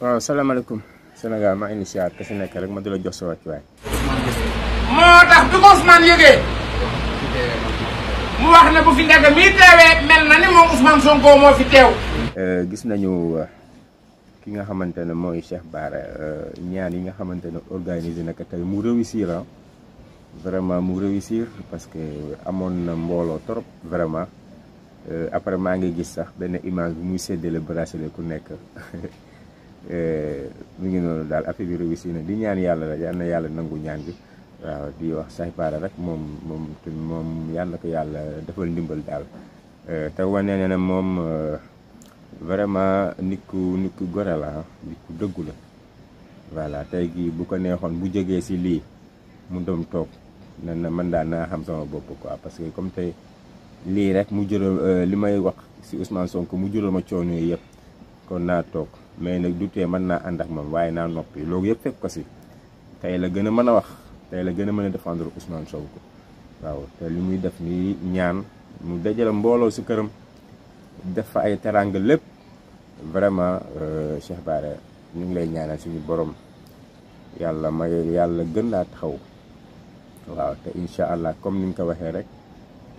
waaw salaamaaleykum Sénégal maa ngi siyaar si nekk rek ma di la jox sa wàccuwaay. moo tax bi ko Ousmane yëgee. mu wax ne bu fi Ndiaga mii teewee mel na ni moom Ousmane Sonko moo fi teew. Euh, gis nañu euh, ki nga xamante ne mooy Cheikh Bara euh, ñaan yi nga xamante ne organisé na ko tey mu réussir vraiment mu réussir parce que amoon na mbooloo trop vraiment après maa ngi gis sax benn imange bu muy séddale bracelet ku nekk. Eh, mu ngi noonu daal affaire bi réussi na di ñaan yàlla la yal na yàlla nangu ñaan bi waaw di wax Cheikh Bara rek moom moom moom yàlla ko yàlla defal ndimbal daal eh, te wane ne ne moom eh, vraiment nit ku nit ku gore la nit ku dëggu la voilà tey gii bu ko neexoon bu jegee si lii mu doom toog na na man daal naa xam sama bopp quoi parce que comme tey lii rek mu jural li may wax si Ousmane Sonko mu jural ma coono yëpp kon naa toog mais nag dute tee mën naa ànd ak moom waaye naa noppi loogu yëpp fekk ko si tey la gën a mën a wax tey la gën a mën a defendre défendre Ousmane ko waaw te li muy def nii ñaan mu dajale mbooloo si këram def fa ay teranga lépp vraiment euh, Cheikh Bara ñu ngi lay ñaanal suñu borom yàlla may yàlla gën laa taxaw waaw te incha allah comme ni nga ko waxee rek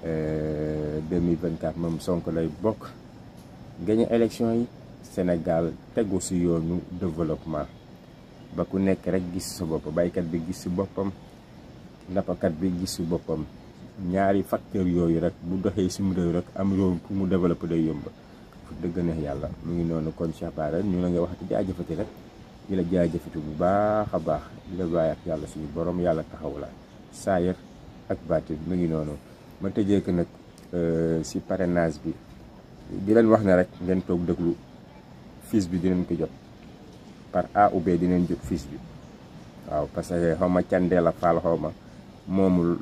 2024 euh, moom sonk lay bokk gañe élection yi. Sénégal tegu si yoonu développement ba ku nekk rek gis sa bopp baykat bi gis si boppam nappkat bi gis si boppam ñaari facteur yooyu rek bu doxee si sumu réew rek am réew pour mu développer day yomb fu dëgg neex yàlla mu ngi noonu kon Cheikh Bara ñu la nga waxati jaajëfati rek di la bu baax a baax di la ak yàlla suñu boroom yàlla taxaw la saayir ak baatin mu ngi noonu ma tëjee ko nag si euh, parrainage bi di leen wax na rek ngeen toog déglu fiche bi dinañ ko jot par A ou B dinañ jot fiche bi waaw parce que xaw ma candee la faal xaw ma moomul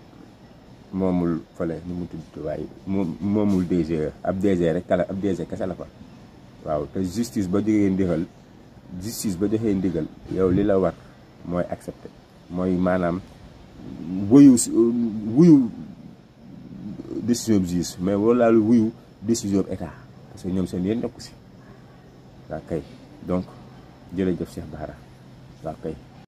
moomul fële ni mu tudd waaye moomul DG ab DG rek kala ab DG kese la fa waaw te justice ba jógee ndigal justice ba joxee ndigal yow li la war mooy accepter mooy maanaam wuyu wuyu décision justice mais wala wuyu décision état parce que ñoom seen yéen nekku si waa kay donc jërëjëf Cheikh Bara waa kay